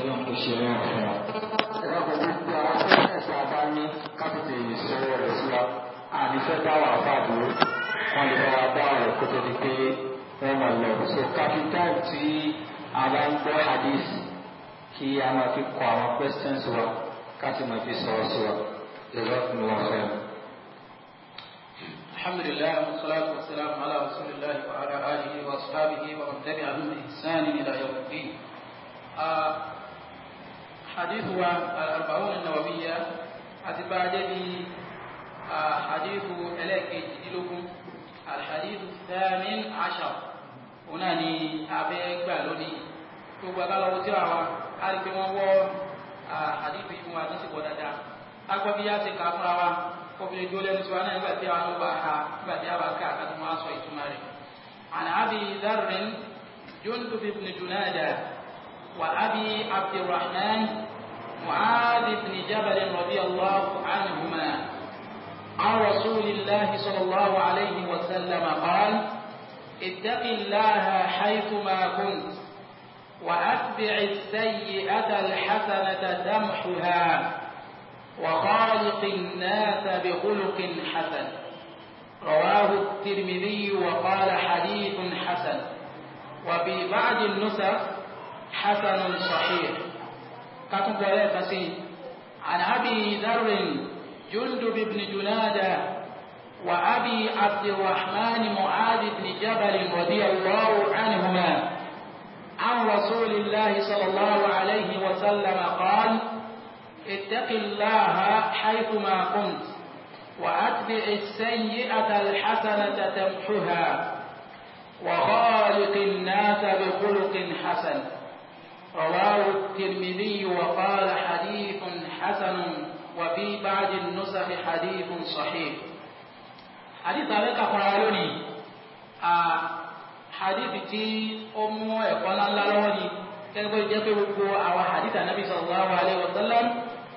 ọlọ́run kò ṣe rẹ̀ fún wa. ẹ̀rọ pẹ̀lú pé àwọn akẹ́kọ̀ọ́ tá a bá ní kápẹ́tẹ̀ yìí sọ̀rọ̀ rẹ̀ sí wa àmì fẹ́ báwọn àbáàdúró wọ́n lè bá wa bá ọ̀rọ̀ kó tó di pé wọ́n máa lọ. so capital tí a bá ń gbọ́ hadith kí a máa fi kọ àwọn questions wa ká sì máa fi sọ̀rọ̀ sí wa lọ́kùnrin wọn fẹ́. الحمد لله والصلاة والسلام على رسول الله وعلى آله وأصحابه ومن تبعهم بإحسان إلى يوم الدين. Uh, hadith wa al-arba'un eh, an-nawawiyya àti bá dé bí eh, hadith ẹlẹ́ẹ̀kejìdínlógún al-hadith thamin ashar òun náà ni abẹ́ gbà lónìí tó gbàgbà lọ́wọ́ tí àwọn àrígbé wọn wọ́ eh, hadith yìí fún wa tó sì pọ̀ dáadáa agbọ́bí yá ti kà fúnra wa kófìlì tó lẹ́nu tí wọn náà nígbà tí àwọn ló bá ka nígbà tí àwọn ká àkàtúntò wọn á sọ ìtumọ̀ rẹ̀. àná àbí dárìn jóńtò fífi ní dùnáàdà. وأبي عبد الرحمن معاذ بن جبل رضي الله عنهما عن رسول الله صلى الله عليه وسلم قال اتق الله حيثما كنت وأتبع السيئة الحسنة تمحها وخالق الناس بخلق حسن رواه الترمذي وقال حديث حسن وفي بعض النسخ حسن صحيح كاتم بولا عن أبي ذر جندب بن جنادة وأبي عبد الرحمن معاذ بن جبل رضي الله عنهما عن رسول الله صلى الله عليه وسلم قال اتق الله حيثما كنت وأتبع السيئة الحسنة تمحها وخالق الناس بخلق حسن رواه الترمذي وقال حديث حسن وفي بعض النسخ حديث صحيح حديث عليك فرعوني حديث تي أم وقال الله لوني kẹ́gbẹ́ jẹ́ pé gbogbo àwọn hadith anabi sallallahu alayhi wa sallam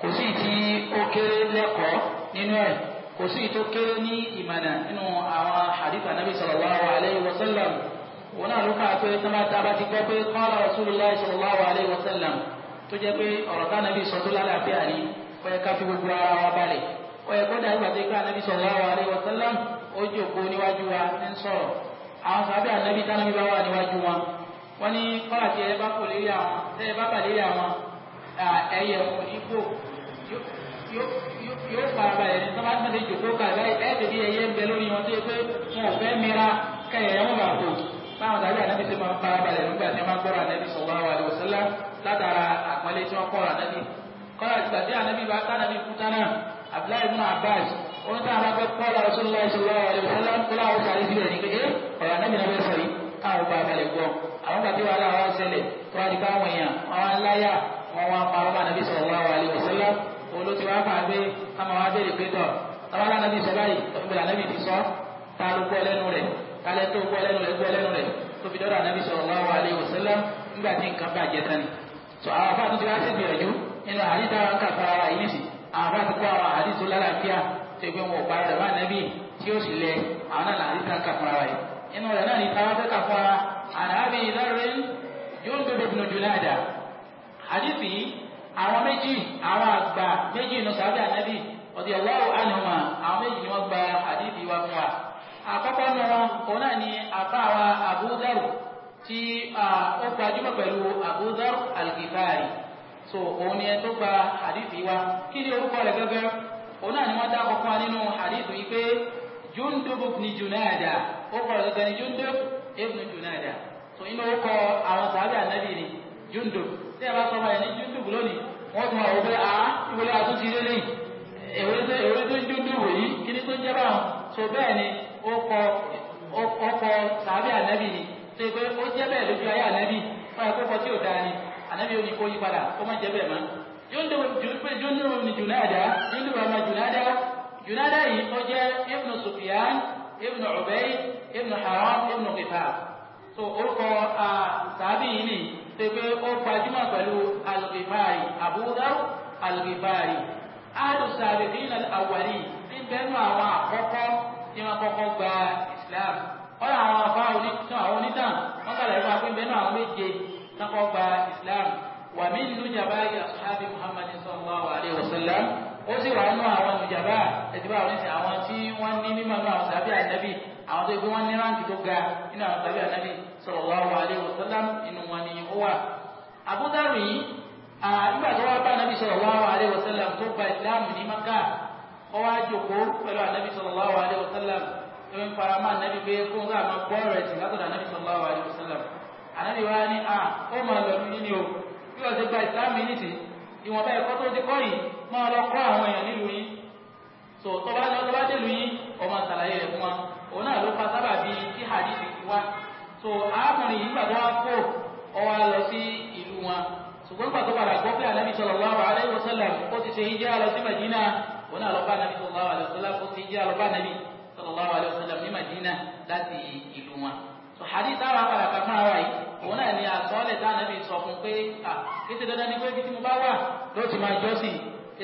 kò sí ti ó kéré lẹ́kọ̀ọ́ nínú ẹ̀ kò sí tó kéré ní ìmọ̀nà nínú àwọn hadith anabi sallallahu alayhi wa sallam òun náà ló kà á pé tá bá ti gbọ́ pé qala rasulullah sallallahu alayhi wa sallam tó jẹ́ pé ọ̀rọ̀ tá nàbí sọ tó lálàáfíà ni ó yẹ ká fi gbogbo ara wa balẹ̀ ó yẹ kó dàgbà tó ká nàbí sallallahu alayhi wa sallam ó jòkó níwájú wa ní sọ̀rọ̀ àwọn sàbẹ̀ ànábì tánàbí bá wà níwájú wọn wọ́n ní kọ́lá tí ẹ bá kò lérí àwọn ẹ bá bà lérí àwọn ẹ̀yẹ̀ wọn ipò yóò farabalẹ̀ ní sábà tí wọ́n ti jòkó kà ẹ̀ ẹ́ ń bẹ lórí wọn tó yẹ pé wọn ò fẹ́ mìíràn kẹ́yẹ̀ ẹ̀ bà kò báwọn tàbí ànábi ti máa ń farabalẹ̀ nígbà tí wọ́n máa gbọ́rọ̀ ànábi sallallahu alaihi wasallam látara àpọ́nlé tí wọ́n kọ́ra ànábi kọ́ra ìgbà tí ànábi bá kánábi kú tánà Abdullahi ibn Abbas wọn tá a máa gbọ́ kọ́ra Rasulullah sallallahu alaihi wasallam kó láwọn sàrí sílẹ̀ ní kékeré ọ̀rọ̀ ànábi náà bẹ́ẹ̀ sọ̀rí káwọn bá balẹ̀ gbọ́ àwọn gbàtí wàhálà wọn ṣẹlẹ̀ tó wá di káwọn èèyàn wọn wá ń láyà wọn wá parọ́ bá ànábi sallallahu alaihi wasallam olóòtú wa fà gbé káma wá béèrè pé tọ̀ tábàlà ànábi sọ báyìí tó ń bẹ̀rẹ̀ ànábi ti sọ tá a ló gbọ́ lẹ́nu rẹ̀ kálẹ̀ tó gbọ́ lẹ́nu rẹ̀ gbọ́ lẹ́nu rẹ̀ tó fi dọ́dọ̀ ànábì sallallahu alaihi wasallam nígbà tí nǹkan bàjẹ́ tán ni. sọ àwọn afá tó ti wá sí gbìyànjú nínú àdìsá wa ń kà fara ara yìí nìsí àwọn afá ti kó àwọn àdìsó lálàáfíà tó gbé wọn ọ̀pá rẹ̀ bá ànábì tí ó sì lẹ àwọn náà àdìsá ń kà fara ara yìí. inú rẹ̀ náà ní táwa fẹ́ kà fara ànábì lọ́rin yóò ń bèbè dùnú jùlọ àdá. àdìsí àwọn méjì àwọn àgbà àkọ́kọ́ nù wọn òun náà ni àfáàwà Abu Dharr tí ó gbajúmọ̀ pẹ̀lú Abu Dharr so òun ni ẹ tó gba hadithi wa kí ni orúkọ rẹ̀ gẹ́gẹ́ òun náà ni wọ́n dá kọ́kọ́ wa nínú hadithi yìí pé Jundub ibn Junada ó kọ̀ gẹ́gẹ́ ni Jundub ibn Junada so inú ó kọ àwọn sàbẹ̀ ànábì ni Jundub tí ẹ bá sọ ma ní Jundub lónìí wọ́n tún wà wọ́n pé a ìwọlé àtúntì lélẹ́yìn èwe tó Jundub yìí kí ni tó jẹ́ báwọn so bẹ́ẹ̀ ni ọkọ̀ ọkọ̀ sàbí ànábì ni ṣe pé ó jẹ́ bẹ́ẹ̀ lójú ayé ànábì fún akókò tí ò dáa ni ànábì ò ní kó yí padà kó má jẹ́ bẹ́ẹ̀ mọ́. yóò ní jùnáàdá yóò ní bàmà jùnáàdá jùnáàdá yìí ó jẹ́ ibnu Sufyan ibnu Ubayd ibnu Haram ibn Qifar. so orúkọ sàbí yìí ni ṣe pé ó gbajúmọ̀ pẹ̀lú al-Ghifari Abu Dharr al-Ghifari. ahadu sàbẹ̀kì tí wọ́n kọ́kọ́ gba Islam kọ́lá àwọn afá onítàn àwọn onítàn wọ́n kàlẹ́ fún akpé mbẹ́nu àwọn méje sákọ́ gba Islam wà mí nínú jàmbá yìí ashabi Muhammad sallallahu alayhi wa sallam ó sì wà nínú àwọn jàmbá ẹ̀dínwó àwọn oníṣẹ́ àwọn tí wọ́n ní mímọ́ nínú àwọn sàbí ànábì àwọn tó yẹ kó wọ́n ní ráǹkì tó ga nínú àwọn sàbí ànábì sallallahu alayhi wa sallam inú wọn ni ó wà. Abu Dharr yìí nígbà tó wá bá ànábì sallallahu alayhi wa sallam tó gba Islam ní Makkah ó wá jòkó pẹ̀lú ànábì sallallahu alaihi wasallam ẹ̀mí faramá ànábì pé kó ń ráàmà gbọ́ ọ̀rọ̀ ẹ̀sìn látọ̀dọ̀ ànábì sallallahu alaihi wasallam ànábì wá ní à ó máa lọ ní ní o bí wọ́n ti gba ìsìlámù yìí nìsí ìwọ̀nba ẹ̀kọ́ tó ti kọ́ yìí máa lọ kọ́ àwọn èèyàn nílùú yín tó tó bá lọ tó bá dé lu yín ọmọ àtàlàyé rẹ̀ fún wa òun náà ló fa sábà bíi tí hadithi fi wá tó arákùnrin yìí gbàgbọ́ alaihi wasallam ó ti ṣe hijira òun náà lọ́ba nàbí sallallahu alaihi wasallam ó ti jẹ́ àlọ́ba nàbí sallallahu alaihi wasallam ní Madina láti ìlú wọn. sọ hadith táwọn akàràkà fún ara yìí òun náà ni àsọ́ọ́lẹ̀ tá nàbí sọ fún pé à kété dandan ni pé bí tí mo bá wà ló ti máa jọ́sìn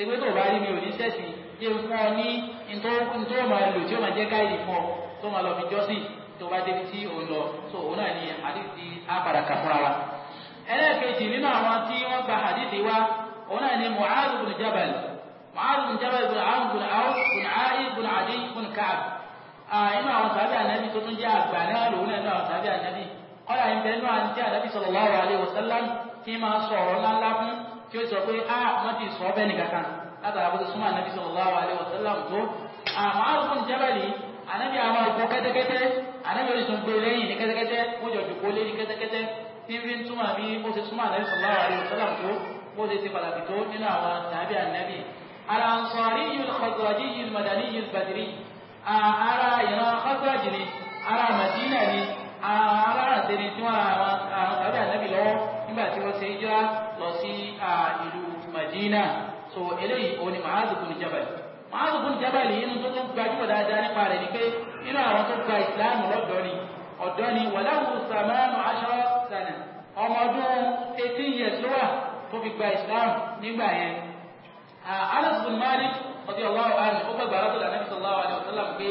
ewé tó bá rí mi ò ní sẹ́sìn yé fún ọ ní ntọ́ máa lò tí ó máa jẹ́ gáìdì fún ọ tó máa lọ fi jọ́sìn tó bá débi tí òun lọ so òun náà ni hadith ti akàràkà fún ara. ẹlẹ́ẹ̀kejì nínú àwọn tí wọ́n gba hadith wa òun náà ni Mu'adh Jabal معاذ بن جبل بن عمرو بن عوف بن عائد بن عدي بن كعب inú àwọn sàbí ànábì tó tún jẹ́ àgbà náà lòun náà náà sàbí ànábì kọ́lá ìbẹ̀ inú àwọn tí ànábì sallallahu alaihi wasallam tí máa sọ ọ̀rọ̀ ńláńlá fún tí ó sọ pé a wọ́n ti sọ bẹ́ẹ̀ nìkankan látara bó ti súnmọ́ ànábì sallallahu alaihi wasallam tó àmọ́ àrùkún jẹ́bẹ̀lì ànábì àwọn ìkọ́ kẹ́tẹ́kẹ́tẹ́ ànábì orísun gbé e lẹ́yìn ní kẹ́tẹ́kẹ́tẹ́ ó jọ jù kólé ní kẹ́tẹ́kẹ́tẹ́ tí ń fi túmọ̀ bí bó ti súnmọ́ ànábì sallallahu alaihi wasallam tó bó ti ti pàtàkì tó nínú àwọn tàbí ànábì الأنصاري الخزرجي المدني البدري أرى ينا خزرجني أرى مدينة أرى سنتي وأرى النبي لو nígbà tí wọ́n ṣe ń jẹ́ lọ sí ìlú Madina so eléyìí òun ni Mu'adh ibn Jabal Mu'adh ibn Jabal inú tó tún gbajúmọ̀ dáadáa nípa rẹ̀ ni pé nínú àwọn tó gba ìsìláàmù lọ́dọ̀ ni ọ̀dọ́ ni wàláwù sàmánù aṣọ sànà ọmọ ọdún eighteen years ló wà tó fi gba ìsìláàmù nígbà yẹn Ah, Anas bin Malik radiyallahu anhu ó gbàgbà alábòlá ah, Nabi sallallahu alaihi wasallam pé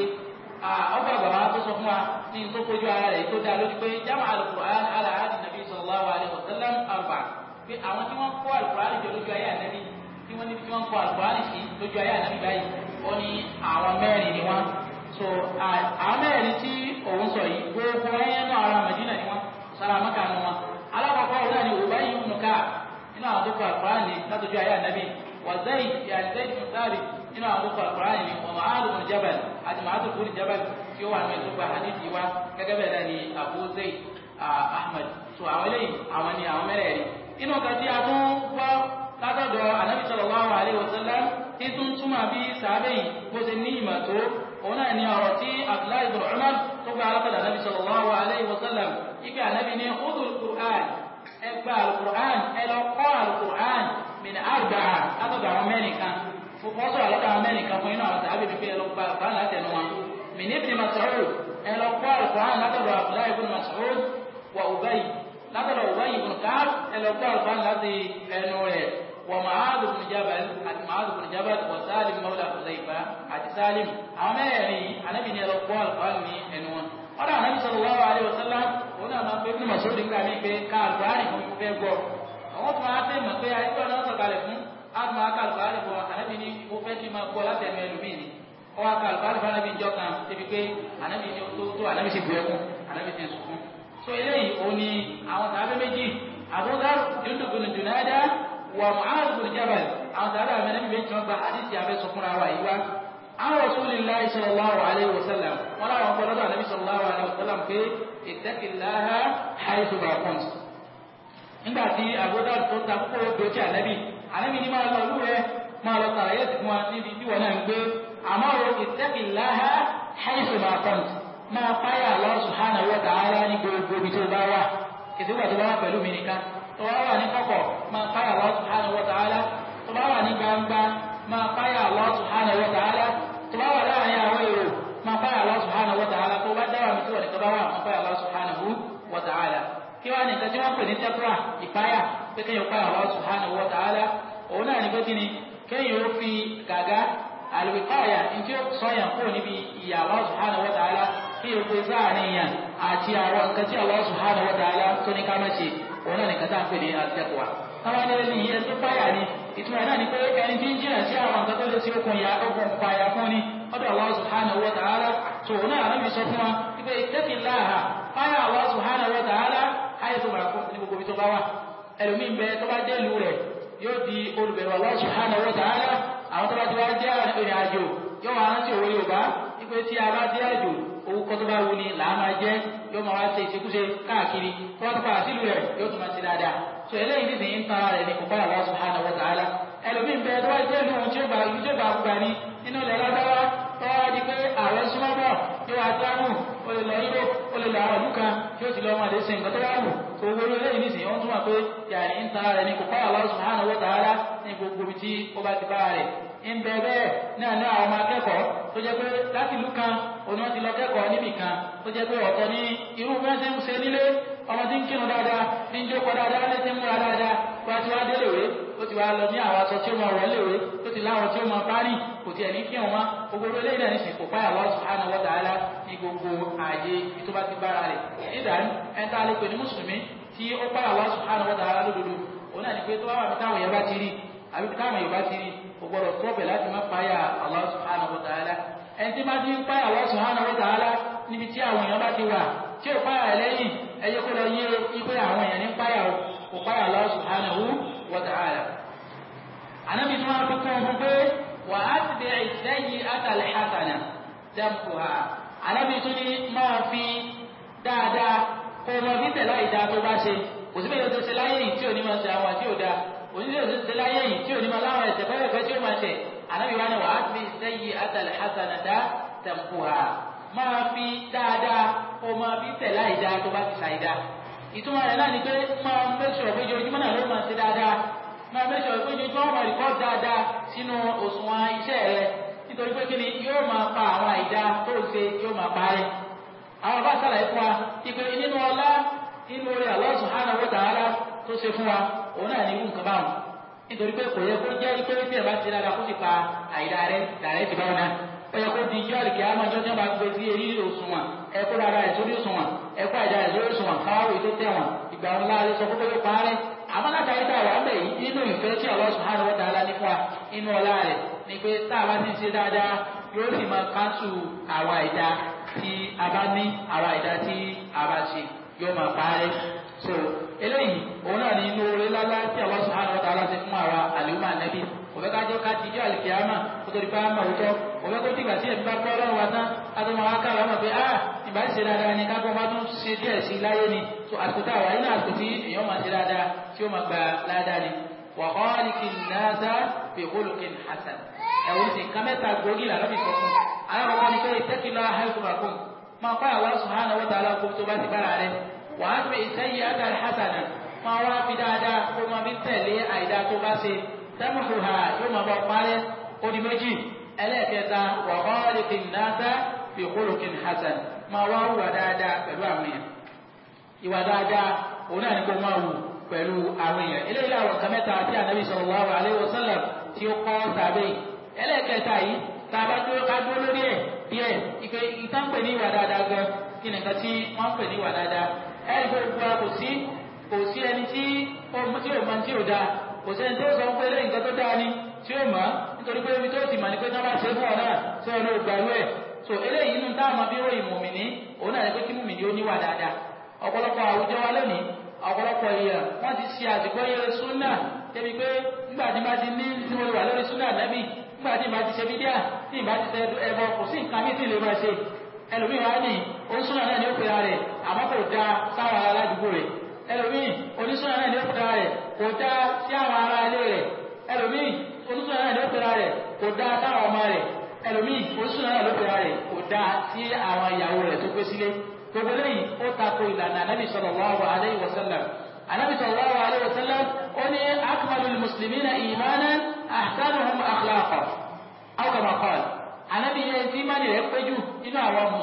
ọgbà gbàgbà tó sọ fún wa ní tó kojú ara rẹ̀ tó dá lójú pé jama al-Qur'an ala ahdi Nabi sallallahu alaihi wasallam arba'a pé àwọn tí wọ́n kó al-Qur'an lójú ayé ànábì tí wọ́n níbi tí wọ́n kó al-Qur'an sí lójú ayé ànábì báyìí ó ní àwọn mẹ́rin ni wọ́n so àwọn mẹ́rin tí òun sọ yìí gbogbo ẹyẹ náà ara Madina ni wọ́n sara mọ́kànú wọn alákọ̀ọ́kọ́ òun náà ni òbá yìí nù ká nínú àwọn tó kó al-Qur'an ní látọjú ayé ànábì وزيد يعني زيد بن ثابت nínú àwọn akókò àkùrán yìí wọn máa lò wọn jabal àti máa tó kúrò jabal tí ó wà ní ẹtọ́ gba hadithi wa gẹ́gẹ́ bẹ́ẹ̀ náà ni Abu Zayd Ahmad tó àwọn eléyìí àwọn ni àwọn mẹ́rẹ̀ẹ̀rin inú kan tí a tún gbọ́ látọ̀dọ̀ anabi sallallahu alaihi wasallam tí tún túmọ̀ bí sàábẹ̀ yìí bó ti ní ìmọ̀ tó òun náà ni ọ̀rọ̀ tí Abdullahi ibn Umar tó gba alákọ̀dọ̀ anabi sallallahu alaihi wasallam ike anabi ní khudhul Qur'an ẹ gba al-Qur'an ẹ lọ kọ́ al-Qur'an mìíràn àgbà àtọ̀dọ̀ àwọn mẹ́rin kan wọ́n sọ̀rọ̀ lọ́dọ̀ àwọn mẹ́rin kan fún inú àwọn tàbí pípé ẹlọ́gbà báyìí láti ẹnu wọn mìíràn ibn Mas'ud ẹlọ́gbọ́ àlùkòrán látọ̀dọ̀ Abdullahi ibn Mas'ud wa Ubay látọ̀dọ̀ Ubay ibn Ka'b ẹlọ́gbọ́ àlùkòrán láti ẹnu rẹ̀ wa Mu'adh ibn Jabal àti Mu'adh ibn Jabal wa Salim mawla Hudhayfa àti Salim àwọn mẹ́rin anábì ní ẹlọ́gbọ́ àlùkòrán ní ẹnu wọn ọ̀dọ̀ anábì sallallahu alaihi wasallam òun náà máa ń pe ibn Mas'ud nígbà mí pé ká àlùkòrán ìfún fẹ́ gbọ́ àwọn tó máa fẹ́ mọ̀ pé ẹgbẹ́ náà sọ̀kalẹ̀ fún àtúmọ̀ akálùkọ́ àlùkọ́ ànábì ní ó fẹ́ kí máa gbọ́ láti ẹnu ẹlòmíì ni ọ akálùkọ́ àlùkọ́ ànábì jọ kan débi pé ànábì ní tó tó ànábì sì bu ẹkún ànábì sì sunkún. so eléyìí òun ni àwọn sàbẹ méjì àbúrò dundun junada wà muhammed bin jabal àwọn sàbẹ àmì ẹni méjì wọn gba àdìsí abẹ sọkúnra wa yìí wá. àwọn rasulillahi sallallahu alayhi wa sallam wọn nígbà tí àgbọ̀dọ̀ tó ta kó dòkí ànábì ànábì ní máa lọ lúwẹ̀ máa lọ tààrà yẹ́ fún wa níbi tí wọn náà ń gbé àmọ́ o ìtẹ́kìláha haisu máa kọ́ni máa páyà Allah subhanahu wa ta'ala ní gbogbo ibi tó bá wà kìtì wà tó bá wà pẹ̀lú mi nìkan tó bá wà ní kọ̀kọ̀ máa páyà Allah subhanahu wa ta'ala tó bá wà ní gbangba máa páyà Allah subhanahu wa ta'ala ìpáyà pé kéèyàn páyà Allah subhanahu wa ta'ala òun náà ní pé kí ni kéèyàn ó fi gàgá àlùkọ́yà ntí ó sọyàn kúrò níbi ìyà Allah subhanahu wa ta'ala kí èkó sáàrin yàn àti àwọn nǹkan tí Allah subhanahu wa ta'ala tó ní ká má ṣe òun náà nìkan tá à ń pè ní àtẹ̀kùwà. káwọn ẹni ní iye tó páyà ni ìtumọ̀ náà ni pé ẹni tí ń ayatu maraku ní gbogbo ibi tó bá wà ẹlòmíín bẹ tó bá dé ìlú rẹ̀ yóò di olùbẹ̀rù Allah subhanahu wa ta'ala àwọn tó bá ti wá jẹ́ ìrìn àjò yóò wá rántí òwe Yorùbá wípé tí a bá dé àjò owó kọ́ tó bá wu ni làá máa jẹ́ yóò máa wá ṣe ìṣekúṣe káàkiri tó bá tó pa àtìlú rẹ̀ yóò tún máa ti dáadáa tó eléyìí ní sìn ń rẹ̀ ní kópa Allah subhanahu wa ta'ala ẹlòmíín bẹ tó bá jẹ́ ìlú ohun tí ó gbà ibi tó gbà lọ àwọn ìlú kan tí ó ti lọ ọmọdé ṣe nǹkan tó wà wù tó wọlé lẹ́yìn nísìnyí wọ́n túmọ̀ pé yàrá ń ta rẹ̀ ní kò kọ́ Allah subhanahu ta ta'ala ní gbogbo ibi tí ó bá ti bá rẹ̀ ń bẹ bẹ́ẹ̀ náà ní àwọn ọmọ akẹ́kọ̀ọ́ tó jẹ́ pé láti ìlú kan òun ti lọ kẹ́kọ̀ọ́ níbì kan tó jẹ́ pé ọ̀tọ̀ ní irú bí ṣe ń ṣe nílé ọmọ tí ń kírun dáadáa ní ń jókòó dáadáa ní ti ń múra dáadáa wá ti wá déléwé ó ti wá lọ ní àwọn aṣọ tí ó máa rọ̀ léwé ó ti láwọn tí ó máa parí kò tiẹ̀ ní kírun wá gbogbo eléyìí náà ní sìn kò páyà Allah subhanahu wa ta'ala ní gbogbo ààyè tó bá ti bára rẹ̀ ìdáni ẹni tá a lè pè ní mùsùlùmí tí ó páyà Allah subhanahu wa ta'ala lódodo òun náà ní pé tó bá wà ní táwọn yẹn bá ti rí àbí táwọn yẹn bá ti rí o gbọ́dọ̀ tọ́pẹ̀ láti má páyà Allah subhanahu wa ta'ala ẹni tí má ti ń páyà Allah subhanahu wa ta'ala níbi tí àwọn èèyàn bá ti wà tí ò ẹ jẹ́ kó lọ yé ipe àwọn èèyàn ní páyà o kò páyà Allah subhanahu wa ta'ala. ànábì tí wọ́n fi kún un pé wà á ti bẹ̀rẹ̀ ìsẹ́yìn àtàlẹ́ àtàlẹ́ dẹ́kun ha ànábì tún ní máa fi dáadáa kó lọ fi tẹ̀lé ìdá tó bá ṣe kò sí bẹ́ẹ̀ yóò ṣe láyé yìí tí ò ní máa ṣe àwọn àti òdà onílé òṣèlú ṣe láyé yìí tí ò ní máa láwọn ẹ̀ṣẹ̀ fẹ́rẹ̀ kọ́ máa bí tẹ̀lé àìdá tó bá ti ṣàìdá ìtumọ̀ rẹ̀ náà ni pé máa ń mẹ́sọ̀ pé ojoojúmọ́ náà ló máa ṣe dáadáa máa mẹ́sọ̀ pé ojoojúmọ́ máa rí kọ́ dáadáa sínú òṣùwọ̀n iṣẹ́ rẹ̀ nítorí pé kíni yóò máa pa àwọn àìdá tó ń ṣe yóò máa pa rẹ̀ àwọn bá sàlàyé fún wa ìpè nínú ọlá nínú orí Allah subhanahu wa ta'ala tó ṣe fún wa òun náà ní irú nǹkan báwọn nítorí pé kò yẹ kó jẹ́ pé ẹ̀ bá ti dáadáa kó sì pa àìdá rẹ̀ dàrẹ́ ti báwọn náà ẹyẹ kó di ijó àlìkè àmọjọ tí wọn bá gbé sí èyí ló sùn wọn ẹkọ dáadáa rẹ sórí òsùn wọn ẹkọ àjà rẹ sórí òsùn wọn káwé tó tẹ wọn ìgbà wọn láàrin sọ fúnpẹ́ yóò parẹ́ àmọ́láta yìí tàwa ń bẹ̀ yìí nínú ìfẹ́ tí Allah subhanahu wa ta'ala ní fún wa inú ọlá rẹ̀ ni pé tá a bá ti ń ṣe dáadáa yóò sì máa kánṣu àwa ìdá tí a bá ní àwa ìdá tí a bá ṣe yóò máa parẹ́ so eléyìí òun náà ní inú oore lálá tí Allah subhanahu wa ta'ala fún àwa àlùmọ́ ànábì òwe kájọ kájí yọ àlìkìyàmà kó torí bá mọ̀ òótọ́ òwe kó dìgbà tí ẹ̀mí bá kọ́ ọlọ́run wa tán kátó máa ká pé ah ìbá ṣe dáadáa ni kápọ́ bá tún ṣe díẹ̀ sí láyé ni so àsìkò tá a wà nínú àsìkò tí èèyàn máa ṣe dáadáa tí ó máa gba dáadáa ni wa khaliqin nasa bi khuluqin hasan ẹ̀wọ̀n ti nǹkan mẹ́ta gbòógì làlọ́bì sọ fún alákọ̀ọ́kọ́ ni pé ìtẹ́kìlá haifumakun máa kọ́ àwọn subhanahu wa ta'ala kó tó bá ti bára rẹ̀ wàá fi sẹ́yìn àtàrí hasana máa wá fi dáadáa kó máa fi tẹ̀lé àìdá tó bá ṣe tẹ́mùtù ha yóò máa bọ̀ parẹ́ ó di méjì ẹlẹ́ẹ̀kẹta wà ọ́ọ́lìkì nàásà fi kólókì hasan máa wá wùwà dáadáa pẹ̀lú àwọn èèyàn ìwà dáadáa òun náà ní kó máa wù pẹ̀lú àwọn èèyàn eléyìí àwọn kàmẹ́ta àti ànábì sallallahu alaihi wasallam tí ó kọ́ tàbí ẹlẹ́ẹ̀kẹta yìí tàbá dúró lórí ẹ̀ díẹ̀ ìpè ìtànpẹ̀ ní ìwà dáadáa gan kí nìkan tí wọ́n pè ní ìwà dáadáa ẹ̀rí pé gbogbo kò sí kò sí ẹni tí ó tí ò mọ tí ò dáa kò sí ẹni tó sọ pé lẹ́yìn nǹkan tó dáa ni tí ó mọ̀ nítorí pé omi tó ti mọ̀ ni pé tí wọ́n bá ṣe fún ọ náà tí wọ́n lọ gbà lú ẹ̀ so eléyìí inú tá a máa fi ròyìn mùmìnì òun náà ni pé kí mùmìnì ó níwà dáadáa ọ̀pọ̀lọpọ̀ àwùjọ wa lónìí ọ̀pọ̀lọpọ̀ èèyàn wọ́n ti ṣe àtìgbọ́yé súnà débi pé nígbà tí bá ti ní tí mo wà lórí súnà nẹ́bì nígbà tí bá ti ṣe bídíà tí bá ti ṣe ẹbọ kò sí nǹkan mi tí lè máa ṣe ẹlòmíràn á nìyí onísúnà náà ni ó pera rẹ̀ àmọ́ kò da sáwọn ará aládùúgbò rẹ̀ ẹlòmíì onísúnà náà ni ó pera rẹ̀ kò da sí àwọn ará ilé rẹ̀ ẹlòmíì onísúnà náà ni ó pera rẹ̀ kò da sáwọn ọmọ rẹ̀ ẹlòmíì onísúnà náà ló pera rẹ̀ kò da sí àwọn ìyàwó rẹ̀ tó gbé sílé gbogbo lẹ́yìn ó tako ìlànà anábì sallallahu alaihi wasallam anábì sallallahu alaihi wasallam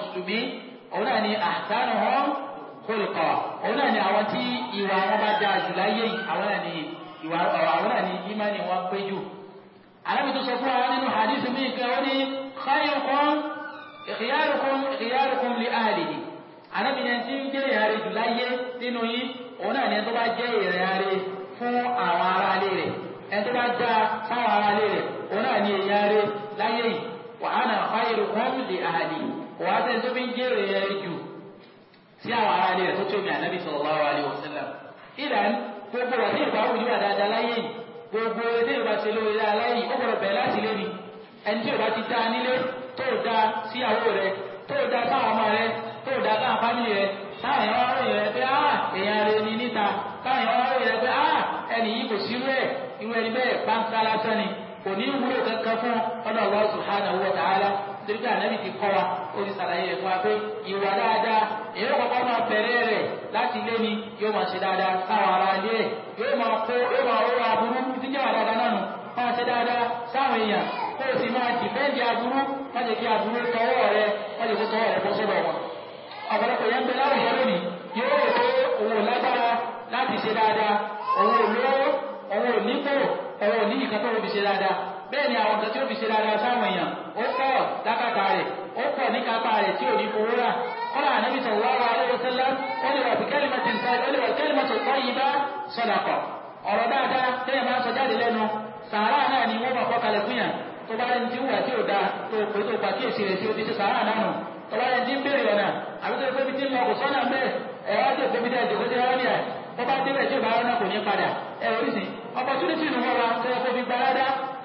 ó ní òun náà ni àtàrà wọn kólùkọ̀ òun náà ni àwọn tí ìwà wọn bá dáa jù láyé yìí àwọn náà ni ìwà àwọn náà ni ìmánì wọn pé jù. alábi tó sọ fún àwọn nínú hadith mi pé ó ní khayrukum khiyarukum khiyarukum li ahlihi alábi náà ti ń jẹ́ ìyàrá jù láyé nínú yìí òun náà ni ẹni tó bá jẹ́ ìyàrá fún àwọn aráalé rẹ̀ ẹni tó bá dáa fáwọn aráalé rẹ̀ òun náà ni ìyàrá láyé yìí wa ana khayrukum li ahlihi kò wá sẹ́ni tó fi ń jèrè ẹ̀rí jù sí àwọn ará ilé rẹ̀ tó tó mi ànábì sallallahu alaihi wasallam ìlànà gbogbo rẹ̀ ní ìgbà òwúrọ̀ dáadáa láyé yìí gbogbo ẹni ìbá ti lórí aláyé yìí ó gbọ́dọ̀ bẹ̀rẹ̀ láti lé ni ẹni tí ìbá ti dá nílé tó dá síyàwó rẹ̀ tó dá sáwọn ọmọ rẹ̀ tó dá sáwọn fámìlì rẹ̀ táwọn èèyàn rẹ̀ pé á ah, èèyàn rẹ̀ ni níta táwọn èèyàn rẹ̀ pé á ah, ẹni yìí kò torí pé ànábì ti kọ́ wa ó ti ṣàlàyé rẹ̀ fún wa pé ìwà dáadáa èyí kọ́kọ́ máa bẹ̀rẹ̀ rẹ̀ láti ilé ni yóò máa ṣe dáadáa sáwọn ará ilé ẹ̀ yóò máa kó yóò máa ó ra burú tí jẹ́ wà dáadáa náà nù máa ṣe dáadáa sáwọn èèyàn kó o sì máa dìbẹ́ǹdì aburú má jẹ́ kí aburú tọwọ́ rẹ má jẹ́ kó tọwọ́ rẹ bọ́ sọ́dọ̀ wọn. ọ̀pọ̀lọpọ̀ yẹn ń bẹ láwùjọ lónìí yóò ó pọ̀ lákàtà rẹ̀ ó pọ̀ ní kápá rẹ̀ tí ò ní fowó rà kọ́lá ànábì sallallahu alaihi wasallam ó lè wà bí kẹ́lìmọ̀tì nǹkan ó lè wà kẹ́lìmọ̀tì nǹkan yìí bá sọ̀dàkọ̀ ọ̀rọ̀ dáadáa tẹ́yẹ̀ máa sọ jáde lẹ́nu sàárà náà ni wọ́n máa kọ́kalẹ̀ fún yàn tó bá ń ti wà tí ò da tó kó tó pa kíyèsí rẹ̀ tí ó ti ṣe sàárà náà nù tó bá ń ti ń béèrè ọ̀nà àbí tó fi ti ń lọ kò sọ́nà bẹ́ẹ̀ ẹ̀ wá tó kó fi dá ìjòkó sí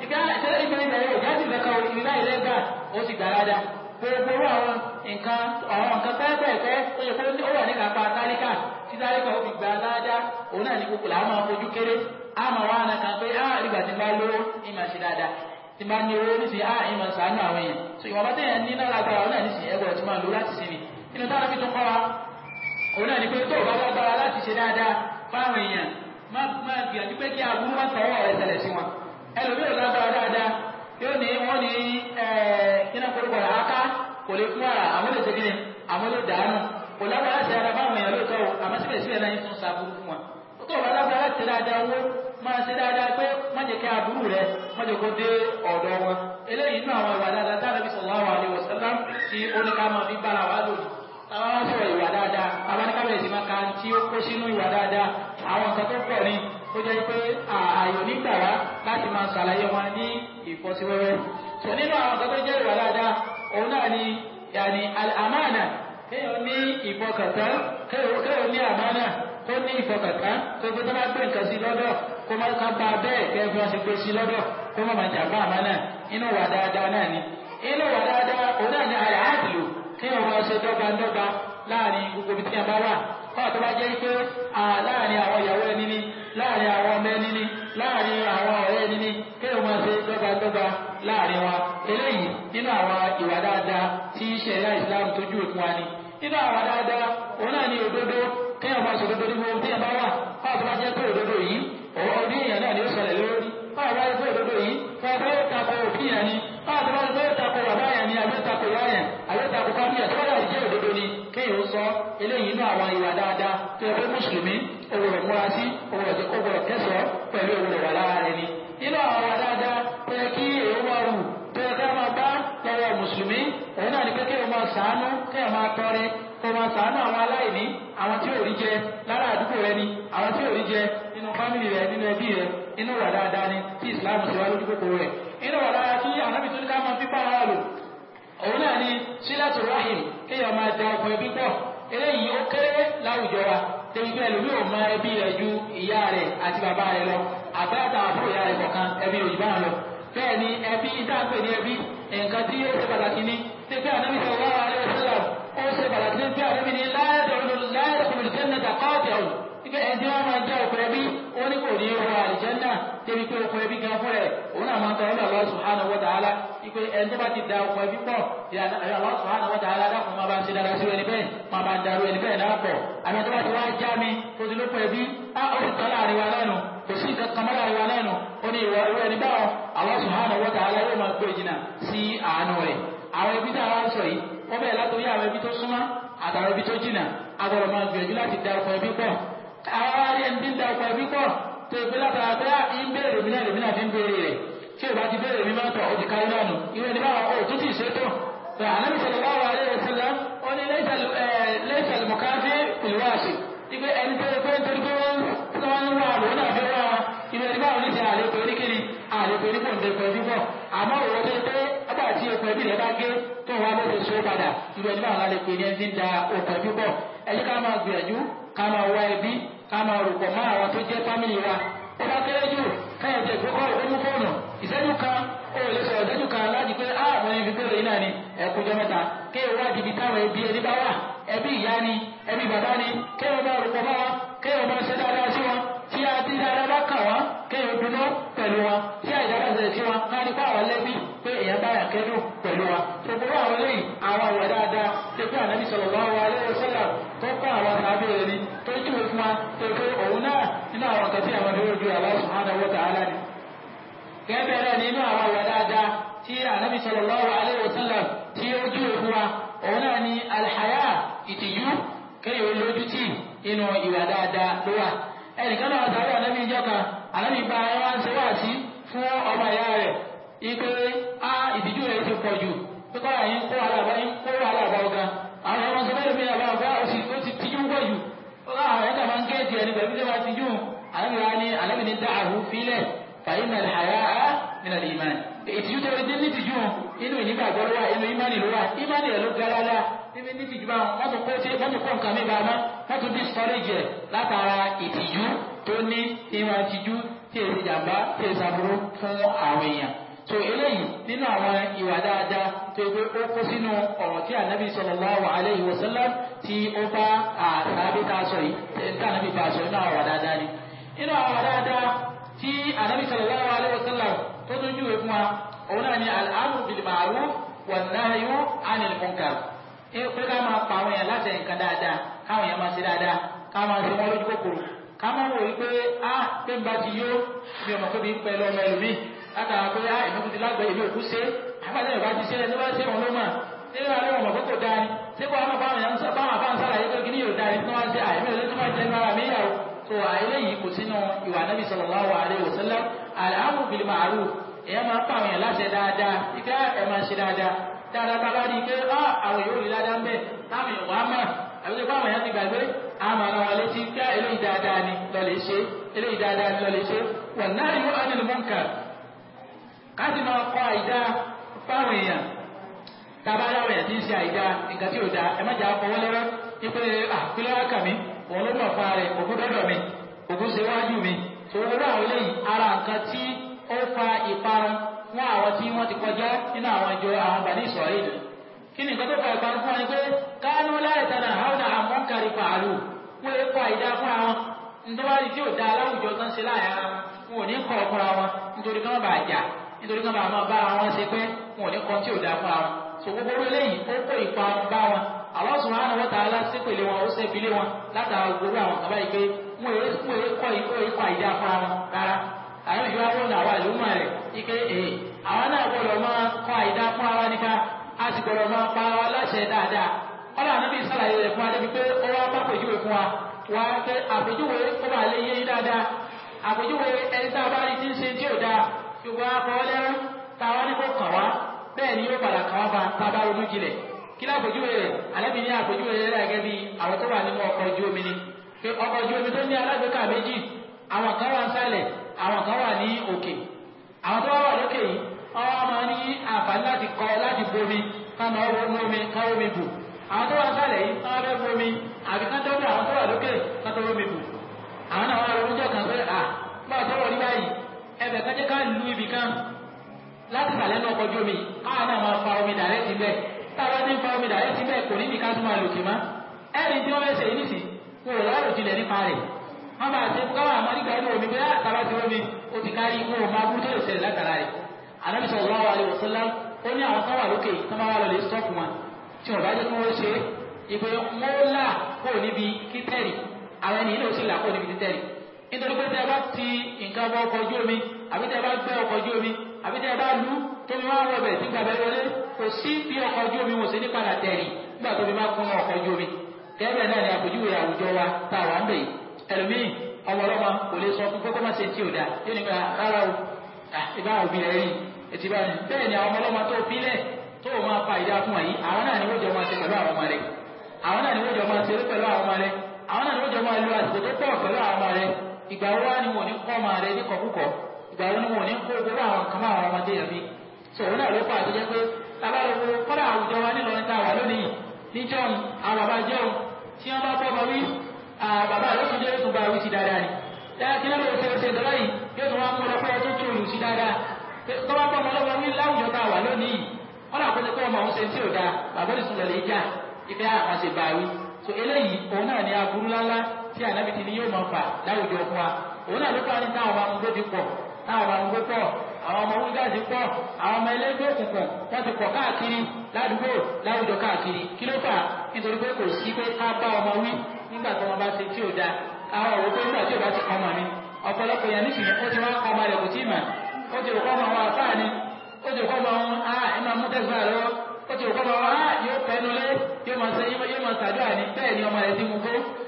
ìgbà ìṣẹ̀lẹ̀ ìgbà ìṣẹ̀lẹ̀ ìjáde ìgbà kan òrìrì láì lẹ́gbà ó sì gbà rádá gbogbo àwọn nǹkan àwọn nǹkan pẹ́ẹ́pẹ́ẹ́pẹ́ ó yẹ kó ó wà ní kápá tálíkà tí tálíkà ó fi gbà rádá òun náà ní gbogbo làwọn máa fojú kéré á máa wá ana kan pé á ìgbà tí bá lówó ní màá ṣe dáadáa tí bá ní owó nísìnyí á ìmọ̀ sàánú àwọn èèyàn so ìwọ̀n bá tẹ̀yàn ní náà lágbára òun náà nísìnyí ẹgbẹ̀rún tí máa lò láti sinmi inú táwọn fi tún kọ́ wa òun náà ní pé tó bá lágbára láti ṣe dáadáa fáwọn èèyàn má gbìyànjú pé kí aburú má tọwọ́ rẹ̀ tẹ̀lẹ̀ sí wọn ẹlòmíì ò lágbára dáadáa yóò ní wọ́n ní kíná korúkọ rẹ̀ aká kò lè fún ara àwọn olóòtú kí ni àwọn olóòtú dànù kò lágbára ṣe ara fáwọn èèyàn lóòótọ́ o àmọ́ síbẹ̀síbẹ̀ náà yín tún sàbúrú fún wa ó tó wà lágbára ṣe dáadáa owó máa ṣe dáadáa pé má jẹ́ kí aburú rẹ̀ má jẹ́ kó dé ọ̀dọ̀ wọn eléyìí inú àwọn ìwà dáadáa tá Ànábì sallallahu alaihi wasallam tí ó ní ká máa fi bára wa lò táwa wá sọ̀rọ̀ ìwà dáadáa àwọn kó jẹ́ pé ààyò nígbà wá láti máa ṣàlàyé wọn ní ìfọ́síwẹ́wẹ́. sọ nínú àwọn kan tó jẹ́ ìwà dáadáa òun náà ni yàní àmàna kéèyàn ní ìfọkàntán kéèyàn ní àmàna kó ní ìfọkàntán kó gbé tó bá gbé nǹkan sí lọ́dọ̀ kó má ká bá bẹ́ẹ̀ kẹ́ fi ọ̀sẹ̀ gbé sí lọ́dọ̀ kó má má jàmbá àmàna inú wà dáadáa náà ni inú wà dáadáa òun náà ni àyà àdìlù kéèyàn máa ṣe dọ́gbandọ́gba láàrin gbogbo ibi tí a bá wà kọ́ àtọ́ pé láàrin àwọn ìyàwó ẹni ni láàrin àwọn ọmọ ẹni ní láàrin àwọn ọ̀rẹ́ ẹni ní kéèyàn máa ṣe dọ́gbadọ́gba láàrin wa eléyìí nínú àwọn ìwà dáadáa tí ṣẹ̀ríà Islam tó jù fún wa ni nínú àwọn dáadáa òun náà ni òdodo kéèyàn máa ṣe òdodo ní gbogbo téèyàn bá wà fáwọn tó bá jẹ́ pé òdodo yìí òun orí èèyàn náà ni ó ṣẹlẹ̀ lórí fáwọn bá jẹ́ òdodo yìí fáwọn bá yóò òfin yẹn ni fáwọn tó jẹ́ pé bàbá yẹn ni àbí tako owó rẹ̀ múra sí owó rẹ̀ ó gbọ́dọ̀ kẹsàn-án pẹ̀lú owó rẹ̀ wà lára rẹ̀ ni. nínú àwọn wa dáadáa tó yẹ kí èyí máa wù tó yẹ ká máa bá lọ́wọ́ mùsùlùmí òun náà ni pé kéèyàn máa sàánú kéèyàn máa tọrẹ kó máa sàánú àwọn aláìní àwọn tí ò rí jẹ lára àdúgbò rẹ ni àwọn tí ò rí jẹ nínú fámìlì rẹ nínú ẹbí rẹ inú wà dáadáa ni tí ìsìláàmù ṣe wá lójú kòkòrò rẹ inú wà dáadáa tí ànábì tó ní ká máa fipá ara lò òun náà ni sílátù rahim kéèyàn máa da ọkùnrin pípọ̀ eléyìí ó kéré láwùjọ wa tẹ̀síbẹ̀ lómi ò mọ ẹbí rẹ̀ ju ìyá rẹ̀ àti bàbá rẹ̀ lọ àbẹ́ẹ̀ta àbúrò ìyá rẹ̀ kọ̀ọ̀kan ẹbí òjì bá wọn lọ. bẹ́ẹ̀ ni ẹbí dáńpẹ̀ ní ẹbí nǹkan tí yóò ṣe pàtàkì ní tẹ̀síbẹ̀ ànábì sọ̀rọ̀ wà lẹ́yìn sọ́lá ó ṣe pàtàkì ní tẹ̀síbẹ̀ ànábì ní láyé pípẹ́ ẹni tí wọ́n máa jẹ́ ọkọ̀ ẹbí ó ní kò ní wọ àlìjẹ́nà débi pé ọkọ̀ ẹbí gan fúnra ẹ̀ òun náà máa ń tọrọ Allah subhanahu wa ta'ala pípé ẹni tó bá ti da ọkọ̀ ẹbí pọ̀ Allah subhanahu wa ta'ala dákun máa bá ń ṣe dáadáa sí ẹni bẹ́ẹ̀ máa bá ń darú ẹni bẹ́ẹ̀ náà pọ̀ àmì ẹni tó bá ti wá já mi tó ti lóko ẹbí á ó ti tọ́ láàrin wa lẹ́nu kò sí nǹkan kan mọ́ra wa lẹ́nu ó ní ìwọ irú ẹni báwọn Allah subhanahu wa ta'ala yóò máa gbé jìnnà sí àánú rẹ̀ àwọn ẹbí tá a wá sọ yìí wọ́n bẹ̀rẹ̀ látòrí àwọn ẹbí tó súnmọ́ àtàwọn ẹbí tó jìnnà agbọ́dọ̀ máa gbìyànjú láti da ọkọ̀ ẹbí pọ̀ àwọn aráyé ń dín da ọkọ̀ ẹbí pọ̀ tó o gbéra bàbá bẹ́ẹ̀ ń béèrè mi náà lèmi náà fi ń béèrè rẹ̀ tí o bá ti béèrè mi máa tọ̀ o ti kárí náà nù ìwé ni báwọn o tún ti ṣètò ànábì sọ̀rọ̀ báwọn alẹ́ rẹ̀ sọ̀rọ̀ ó ní lẹ́sàlẹ̀ mọ̀káfí ìlúwàṣì ibi ẹni tó pé nítorí pé wọ́n tí wọ́n ń wá àlọ́ náà fi wá ìwé ni báwọn oníṣẹ́ àlejò oníkiri àlejò onípòǹde pẹ̀lú pọ̀ àmọ́ òwò tó pé ọgbà tí okùn ẹbí rẹ̀ bá gé tó wà lóṣooṣù padà ìwé ni báwọn alẹ́ pè ní ẹni tí ń da okùn ẹbí pọ̀ ẹ̀yí ká máa gbìyànjú kama máa wá ẹbí ká máa rò pọ̀ mọ́ àwọn tó jẹ́ fámìlì wa ó bá kéré jù káyọ̀ tẹ̀ gbókọ̀ ọ̀gbọ́n fóònù ìṣẹ́jú kan ó lè sọ̀rọ̀ ìṣẹ́jú kan láti pé á àwọn ẹbí gbèrò yìí náà ni ẹ̀kúnjọ mẹ́ta kí ẹ wá dìbí táwọn ẹbí ẹni bá wà ẹbí ìyá ni ẹbí bàbá ni kí ẹ bá rò pọ̀ mọ́ kí ẹ bá ṣe dáadáa sí wọn tí a ti dáadáa bá kàn wọn kí ẹ dúró pẹ̀lú wọn tí èèyàn báyà kẹ́dùn pẹ̀lú wa ṣòkòrò àwọn eléyìí àwọn ọ̀rọ̀ dáadáa ṣe pé ànábì sọ̀rọ̀ wá wa lẹ́yìn sọ́là tó kọ́ àwọn tàbí rẹ̀ ni tó jù fún wa tó pé òun náà nínú àwọn kan tí àwọn ìdúró ju àwọn subhanahu wa ta'ala ni. gẹ́gẹ́ bẹ́ẹ̀ ni inú àwọn ọ̀rọ̀ dáadáa tí ànábì sọ̀rọ̀ wá wa lẹ́yìn sọ́là tí ó jù fún wa òun náà ni alhaya ìtìjú kéèyàn olójú tì ipe a ìdíjú rẹ̀ ti pọ̀ jù pípọ́ àyín kó alábá yín kó alábá ọ̀gá àwọn ọmọ sọ bẹ́ẹ̀ mi àbá ọ̀gá ó sì ó ti tijú pọ̀ jù ó láwọn àwọn ẹ̀ka máa ń géètì ẹni pẹ̀lú tí wọ́n ti jù àlẹ́mìlá ni àlẹ́mìlí dá àrùn fílẹ̀ fàyínà àyà á nínà lè ìmánì ìtìjú tó rí dé ní tìjú inú ìnígbàgbọ́ ló wà inú ìmánì ló wà ìmánì rẹ̀ ló gara la níbi ní tìjú báwọn wọ́n tún kó tí wọ́n tún kó nǹkan mi bàmá wọ́n tún discourage ẹ̀ látara ìtìjú tó ní ìwà ìtìjú tí èsì jàmbá tí èsì aburú fún àwọn èèyàn tó eléyìí nínú àwọn ìwà dáadáa tó gbé ó kó sínú ọ̀rọ̀ tí ànábì sallallahu alayhi wa sallam tí ó bá àtàbí tá a sọ yìí tí ànábì bá a sọ nínú àwọn dáadáa ni. nínú àwọn dáadáa tí ànábì sallallahu alayhi wa sallam tó tún júwe fún wa òun náà ni al-amru bil ma'ruf wan nahyu 'anil munkar. pé ká máa pa àwọn èèyàn láti nǹkan dáadáa káwọn èèyàn máa ṣe dáadáa ká máa ṣe wọn lójú kòkòrò ah pé ń bá ti yó mi látara pé á ìmọ̀ tuntun lágbẹ̀ẹ́ èmi òkú ṣe àgbàdo ìbá ti ṣe ẹni bá ṣe wọn ló mọ̀ ṣé wàá lé wọn mọ̀ pé kò dáa ni ṣé kò àwọn báwọn yẹn báwọn bá ń sàlàyé pé kíní yóò dáa ni wọ́n ṣe àìmọ̀ ilé tó máa jẹ nínú ara mi yà o tó àìlè yìí kò sínú ìwà Nabi sallallahu alaihi wasallam al-amru bil ma'ruf èèyàn máa pàwọn yẹn láṣẹ dáadáa ìfẹ́ ẹ̀ máa ṣe dáadáa dáadáa bá bá rí i pé ah, àwọn yóò rí ládàá ń bẹ̀ táwọn èèyàn wá mọ̀ àbílẹ̀ fáwọn èèyàn ti gbàgbé àmọ́ ara wọn létí ká ah, eléyìí dáadáa ni lọ́ọ́ lè ṣe eléyìí dáadáa ni lọ́ọ́ lè ṣe wọ̀n náà yóò ánìlú mọ́ǹkà ká sì máa kọ àìdá fáwọn èèyàn tábà yàwó èèyàn ti ń ṣe àìdá nǹkan tí ò da ẹ má jà á fọwọ́ lọ́wọ́ wípé àpilẹ̀ wákà mi òun ló mọ̀ fa rẹ̀ òkú dọ́dọ̀ mi òkú ara nǹkan tí ó fa ìparun fún àwọn tí wọ́n ti kọjá nínú àwọn ìjọ àwọn bàní ìsọ̀rí ìlú kí ni nǹkan tó fa ìparun fún ẹni pé káánú pàálù wọ́n lè tí nítorí káwọn àwọn bára wọn ṣe pé wọn ò ní kọ́ tí ò dáa fúnra wọn so gbogbo eléyìí ó kó ipa bá wọn Allah subhanahu wa ta'ala ṣépèlé wọn ó ṣẹ́bílé wọn látara gbogbo àwọn kaba yìí pé wọn èrè wọn èrè kọ́ ìkọ́ ìkọ́ àìdá fúnra wọn rárá àwọn ìjọba tó nà wà lómọ rẹ̀ ike èyí àwọn náà gbọdọ̀ máa kọ́ àìdá fúnra wọn nípa a sì gbọdọ̀ máa pa wọn láṣẹ dáadáa wọn làwọn bí sàlàyé rẹ̀ fún wa pé ó wá bá fún wa wá pé àpèjúwe ó bá lè yé dáadáa àpèjúwe ẹni tá a bá rí ti ń ṣe tí ò dáa yorùbá afọwọ́lẹ́ rán táwa ní kò kàn wá bẹ́ẹ̀ ni yóò padà kàn wá ba tábà ronú jinlẹ̀ kí ló àpèjúwe rẹ̀ alẹ́bí ní àpèjúwe rẹ̀ gẹ́gẹ́ bí àwọn tó wà nínú ọkọ̀ ojú omi ni pé ọkọ̀ ojú omi tó ní alágbèéká méjì àwọn kan wà nísàlẹ̀ àwọn kan wà ní òkè àwọn tó wà lókè yìí ọwọ́ máa ní àǹfààní láti kọ láti bomi káwọn ọwọ́ ní omi káwọn omi bù àwọn tó wà nísàlẹ̀ yìí káwọn fẹ́ bomi àbí ká dọ́gbà àwọn tó wà lókè káwọn omi bù àwọn náà wà lójọ́ kan pé à bá a tó wọ ẹbẹ̀ kẹ́jẹ́ ká lu ibì kan láti sàlẹ̀ náà kọjú omi káwọn náà máa fa omi dàrẹ́ ti bẹ́ẹ̀ táwa ní fa omi dàrẹ́ ti bẹ́ẹ̀ kò ní nìkan tó máa lòkè mọ́ ẹni tí wọ́n fẹ́ ṣe yìí nìsín kò rọrùn jinlẹ̀ nípa rẹ̀ wọ́n bá ṣe káwọn àmọ́ nígbà inú omi bẹ́ẹ̀ ah, táwa ti omi ó ti kárí ikú o máa gbúdọ̀ ìṣẹ̀lẹ̀ látara rẹ̀ Ànábì sallallahu alaihi wasallam ó ní àwọn kan wà lókè tó máa wà lọ lè sọ́ọ̀kù wọn tí wọ́n bá jẹ́ kí wọ́n ṣe ìgbé mọ́ọ́là kò níbi kítẹ́rì àwọn ènìyàn náà sì là kò nítorí pé tẹ́ bá ti nǹkan bọ ọkọ̀ ojú omi àbí tẹ́ bá gbẹ́ ọkọ̀ ojú omi àbí tẹ́ bá lu tómi wá rọbẹ̀ tí gbàgbẹ́ wọlé kò sí bí ọkọ̀ ojú omi wò sí ní padà tẹ̀rì nígbà tómi bá kún ọkọ̀ ojú omi tẹ́lẹ̀ náà ni àpèjúwe àwùjọ wa tá a wà ń bẹ̀ yìí ẹlòmíì ọmọ ọlọ́mọ kò lè sọ fún kókó má ṣe tí ò dáa yóò nígbà ah, rárá o ah, ìbá ni àwọn ọmọ ọlọ́mọ tó fi ni wọ́n jọ máa ṣe pẹ̀lú ni wọ́n jọ máa ṣeré ìgbà wo wá ni wọn ò ní kọ́ ọmọ rẹ ní kọ̀kúkọ̀ ìgbà ni wọn ò kó gbogbo àwọn nǹkan máa wọn ọmọdé yẹn bí so òun náà ló fà àtijọ́ pé tábàlùkù kọ́dà àwùjọ wa nílọrin tá a wà lónìí níjọ́un àwọn bàbá jọ́un tí wọ́n bá bọ́ ọmọ wí bàbá rẹ tún jẹ́ tún bá wí dáadáa ni dáadáa kí lóò ṣe ṣe dọ́là yìí yóò tún wá mú lọ pé ẹ tún tún òyìn sí dáadáa tó bá bọ́ ọmọ lọ́wọ́ wí láwùjọ tá a wà so eléyìí òun náà ni aburú tí ànábì ti ní yóò máa fà láwùjọ fún wa òun náà ló fà ní táwọn ọmọ amúgbó ti pọ̀ táwọn ọmọ amúgbó pọ̀ àwọn ọmọ wíńgáàsì pọ̀ àwọn ọmọ ẹlẹ́gbẹ́ òkùnkùn wọ́n ti pọ̀ káàkiri ládùúgbò láwùjọ káàkiri kí ló fà nítorí pé kò sí pé ká bá ọmọ wí nígbà tó wọn bá ti tí ò da àwọn òwò pé nígbà tí ò bá ti kọ́ ọmọ mi ọ̀pọ̀lọpọ̀ yẹn nísìnyí ó ti wá ọmọ rẹ̀ kò ni ó ti rò kọ́ ọmọ wọn á ẹ máa mú tẹ̀síwá lọ́wọ́ ó ti rò kọ́ ọmọ wọn á ni bẹ́ẹ̀ ni ọmọ rẹ̀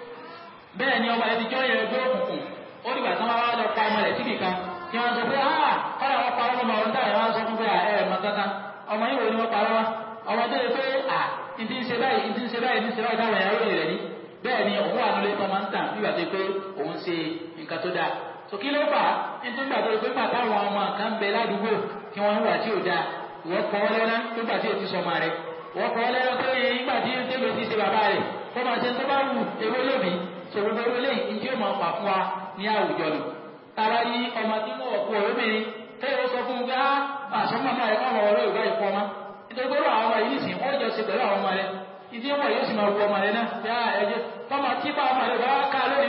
bẹ́ẹ̀ ni ọba ẹni tí wọ́n yẹ ẹgbẹ́ òkùnkùn ó dìgbà tí wọ́n wá lọ pa ọmọ rẹ̀ síbì kan tí wọ́n sọ pé ah kọ́dà wọ́n parọ́ ọmọ ọ̀rọ̀ táyà wọ́n sọ fún pé ah, ẹ mọ kankan ọmọ yìí wò ni wọ́n parọ́ wa ọmọ tó yẹ pé ah ìdí ń ṣe báyìí ìdí ń ṣe báyìí ìdí ń ṣe báyìí táwọn ẹ̀yà ròyìn rẹ̀ ni bẹ́ẹ̀ ni òun wà nílé tọ́mọ ń tàn nígbà tó pé òun ṣe nǹkan tó dáa so kí ló fà á nítorí gbàgbọ́ pé bàbá àwọn ọmọ kan bẹ ládùúgbò tí wọ́n ń wà tí ò dáa ìwọ́ kọ́ ọ́ lẹ́rán nígbà tí ètí sọmọ rẹ̀ ìwọ́ kọ́ ọ́ lẹ́rán pé nígbà tí tẹ́lẹ̀ ti ṣe bàbá rẹ̀ kọ́ máa ṣe tó bá wù ewé lóbi ṣòwòrò eléyìí ní tí ó máa fà fún wa ní àwùjọ nù tàbá yí ọmọ tí mo ọ̀pọ̀ obìnrin tẹ́lẹ̀ ó sọ fún un pé á àsọmọ náà ẹ̀kọ́ ọmọ ọ̀rọ̀ ìgbà ìfọ́ ọmọ nítorí àwọn ọmọ yìí nìsín wọ́n jọ ṣe pẹ̀lú àwọn ọmọ rẹ ìdí ọmọ yóò sì máa wu ọmọ rẹ náà bí á ah, ẹjẹ tọmọ tí bá ọmọ rẹ bá ká lórí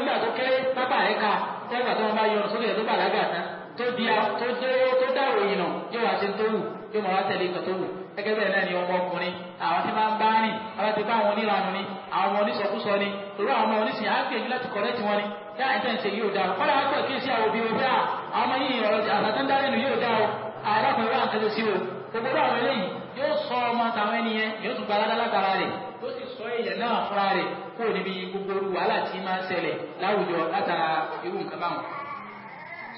àwọn ọmọ onísọkúsọ ni torí àwọn ọmọ onísìn á gbìyànjú láti kọ̀rẹ́tì wọn ni yá ẹ̀tẹ́ ń ṣe yóò dáa kọ́lá àpọ̀ kí sí àwọn obìnrin dáa àwọn ọmọ yìí ọ̀rọ̀ àtàtàndá lẹ́nu yóò dáa o arákùnrin wa nǹkan ṣe sí o gbogbo àwọn eléyìí yóò sọ ọmọ tàwọn ènìyàn yóò tún gba aládá látara rẹ̀ yóò sì sọ èèyàn náà fúnra rẹ̀ kó o níbi gbogbo orú wàhálà tí máa ń ṣẹlẹ̀ láwùjọ látara irú nǹkan báwọn.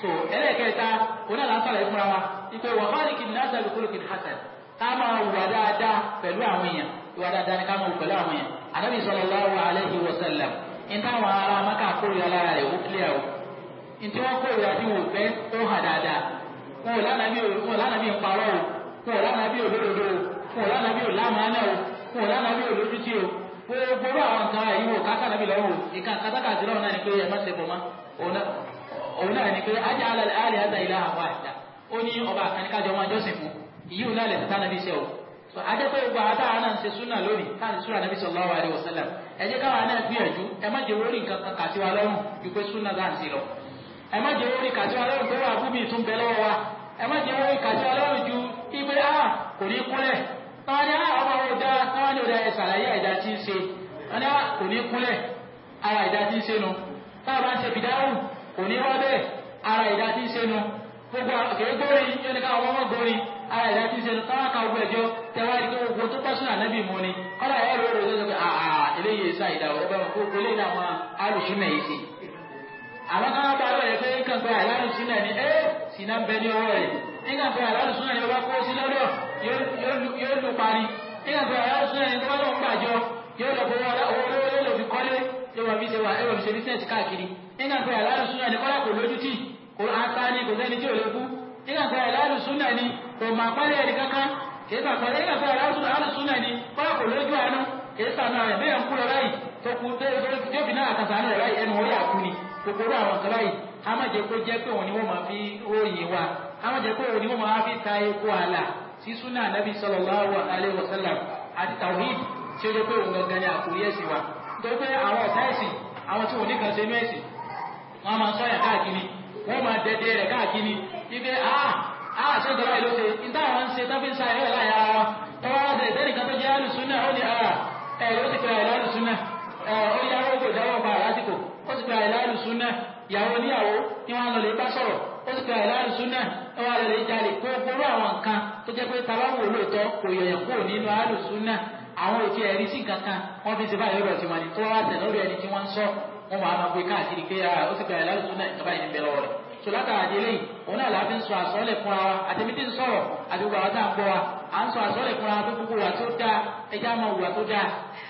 so ẹlẹ́ẹ̀kẹta oní àlàáfàlẹ̀ fúnra wa ìpè wà má nìkì nàásà lókòlókì hasan ká máa wà dáadáa pẹ̀lú àwọn èèyàn ìwà dáadáa ni ká máa wù pẹ̀lú àwọn èèyàn anabi sallallahu alayhi wa sallam níta àwọn ará maka kórìíra lára rẹ̀ ó kílẹ̀ o níta wọn kórìíra tí wọn fẹ́ ó hà dáadáa wọn ò lánàbí wọn ò lánàbí ńparọ́ o wọn ò lánàbí òdodo o wọn ò lánàbí òlámánà o wọn ò lánàbí òlójútì o gbogbo àwọn nǹkan ayé wò kákànábì lọ́wọ́ ìka kátàkàtì lọ́wọ́ náà ni pé ẹ má ṣe bọ̀ mọ́ òun náà ni pé ajá alẹ́ àlẹ́ àdá ìlà àwọn àṣà ó ní ọba àkànníkájọ máa jọ́sìn fún ìyíwò náà lẹ̀ ajẹ́ pé gbogbo àwọn táwọn náà ń ṣe súnà lónìí káàdì súnà nàbí sallallahu alaihi wasallam ẹ jẹ́ káwọn náà gbìyànjú ẹ má jẹ́ orí nǹkan kan kàti wa lọ́rùn ju pé súnà náà ń ṣe lọ ẹ má jẹ́ orí kàti wa lọ́rùn pé wà búmi tún bẹ lọ́wọ́ wa ẹ má jẹ́ orí kàti wa lọ́rùn ju ipe a kò ní kúnlẹ̀ táwọn ní ọmọ ọ̀dà táwọn ní ọ̀dà ẹ̀ sàlàyé àìdá tí ń ṣe wọn ní kò ní kúnlẹ̀ ara ìdá tí ń ṣe nu táwọn bá ń ṣe bìdáhùn kò ní rọ́ bẹ́ẹ̀ ara ìdá tí ń ṣe nu gbogbo àkèrè gbórin yóò ní káwọn ọmọ gbórin ara ìdá tí ń ṣe nu táwọn ká gbogbo tẹwàá ní gbogbo tó bá sún ànábì mu ni kọ́lá ẹ̀rọ ẹ̀rọ ló ń sọ pé àà ah, ah, ah, eléyìí ṣá ìdá ọ̀rọ̀ bá wọn kó àwọn kan bá lọ yẹn pé nǹkan pé alùsùnà ni ẹ eh, sìnà ń bẹ ní ọwọ́ rẹ̀ nǹkan pé alùsùnà yẹn bá kó sí lọ́dọ̀ yóò lù parí nǹkan pé alùsùnà yẹn tó bá lọ ń gbàjọ yóò lọ fowó olówó lò fi kọ́lé yóò fi ṣe wà yóò fi ṣe bísíǹsì káàkiri nǹkan pé alùsùnà ni kọ́lá kò lójútì kò ata ni kò sẹ́ni tí ò lè kú nǹkan pé alùsùnà ni kò mà pálẹ̀ ẹ̀rí kankan kèésà sọ ẹ̀yìn àti da a náà ni báyà kò lójú àánú kèésà a má jẹ́ kó jẹ́ je ma fi wa a má jẹ́ pé òun ni wọ́n fi ta epo àlà sí súnà nàbí sallallahu alaihi wasallam àti tawhid tí ó jẹ́ pé òun gangan ni àkórí ẹ̀sìn wa si pé àwọn ọ̀tá ẹ̀sìn àwọn tí òun nìkan ṣe mẹ́sìn ah àṣẹ ìjọba ìlú ṣe ìta àwọn ń ṣe tọ́fí ń sa ẹ̀rọ láyà wọn tọ́wọ́ wọn tẹ̀lé tẹ́nìkan tó jẹ́ alùsùnà ó ní ẹ̀rọ ó ti pẹ̀lú alùsùnà ó yáwó kò dáwọ́ pa àlásìkò ó ti pẹ̀lú alùsùnà ìyàwó níyàwó ni wọ́n lọ lè bá sọ̀rọ̀ ó ti pẹ̀lú alùsùnà ó wà lọ lè jalè kó gbóró àwọn nǹkan tó jẹ́ pé taláwò olóòótọ́ kò yọ̀yàn kúrò nínú alùsùnà àwọn òkè ẹ̀rí sí kankan wọ́n fi ṣe báyìí lọ́dọ̀ tiwọn ni tó wá tẹ̀ lórí ẹni tí wọ́n ń sọ wọ́n máa ma gbé káàkiri pé ó ti pẹ̀lú alùsùnà ìjọba ìníbẹ̀ rẹ̀ so látara délé yìí òun náà láti ń sọ àsọ́lẹ̀ fún ara àtẹ̀mí tí ń sọ̀rọ̀ àti gbogbo àwọn tá à ń gbọ́ wa à ń sọ àsọ́lẹ̀ fún ara tó gbogbo wa tó dáa ẹja máa wùwà tó dáa